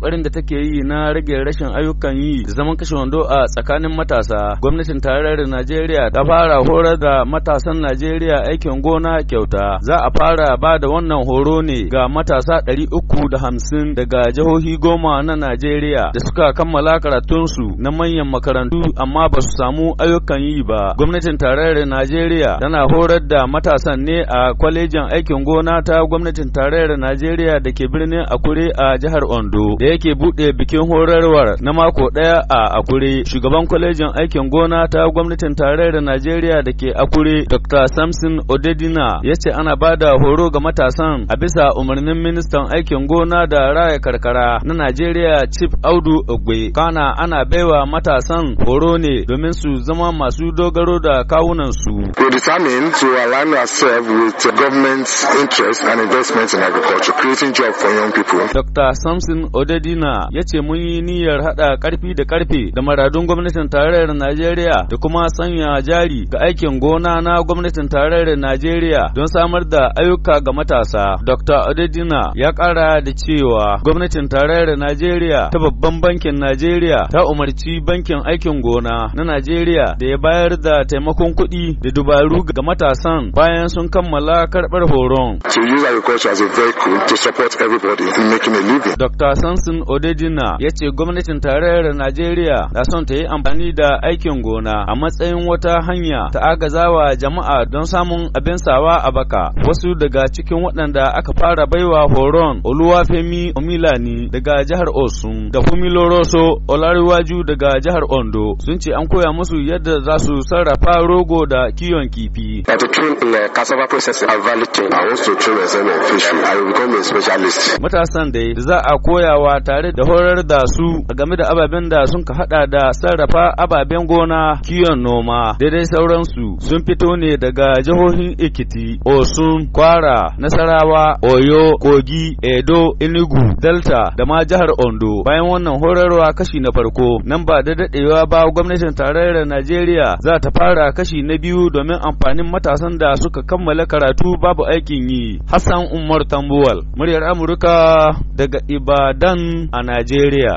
kokarin da take yi na rage rashin ayyukan yi da zaman kashe wando a tsakanin matasa gwamnatin tarayyar najeriya ta fara horar da matasan najeriya aikin gona kyauta za a fara ba da wannan horo ne ga matasa ɗari uku da hamsin daga jihohi goma na najeriya da suka kammala karatun su na manyan makarantu amma ba su samu ayyukan yi ba gwamnatin tarayyar najeriya tana horar da matasan ne a kwalejin aikin gona ta gwamnatin tarayyar najeriya da ke birnin akure a jihar ondo da yake buɗe bikin horarwar na mako ɗaya a Akure. Shugaban kwalejin aikin gona ta gwamnatin tarayyar Najeriya da ke Akure, Dr. Samson Odedina, ya ce ana ba da horo ga matasan a bisa umarnin ministan aikin gona da raya karkara na Najeriya Chief Audu Ogbe. Kana ana baiwa matasan horo ne domin su zama masu dogaro da su. We determine to align ourselves with the government's interest and investment in agriculture, creating job for young people. Dr. Samson Odedina Galadina ya ce mun yi niyyar haɗa ƙarfi da ƙarfe da maradun gwamnatin tarayyar Najeriya da kuma sanya jari ga aikin gona na gwamnatin tarayyar Najeriya don samar da ayyuka ga matasa. Dr. Odedina ya ƙara da cewa gwamnatin tarayyar Najeriya ta babban bankin Najeriya ta umarci bankin aikin gona na Najeriya da ya bayar da taimakon kuɗi da dubaru ga matasan bayan sun kammala karɓar horon. To use agriculture as a vehicle to support everybody in making a living. Dr. Sam Samson Odedina ya ce gwamnatin tarayyar Najeriya na son ta yi amfani da aikin gona a matsayin wata hanya ta agazawa jama'a don samun abin sawa a baka. Wasu daga cikin waɗanda aka fara baiwa horon Oluwafemi Omilani daga jihar Osun da Fumiloroso Olariwaju daga jihar Ondo sun ce an koya musu yadda za su sarrafa rogo da kiwon kifi. Uh, Matasan da za a koya wa. A tare da horar da su game da ababen da sun ka hada da sarrafa ababen gona kiyon noma daidai sauransu sun fito ne daga jihohin Ekiti, Osun, Kwara, Nasarawa, Oyo, Kogi, Edo, Enugu, Delta da ma jihar Ondo. Bayan wannan horarwa kashi na farko, nan ba da dadewa ba gwamnatin tarayyar Najeriya za ta fara kashi na biyu domin amfanin matasan da suka kammala karatu babu aikin yi. Hassan Umar Tambuwal, muryar Amurka daga Ibadan a Nigeria.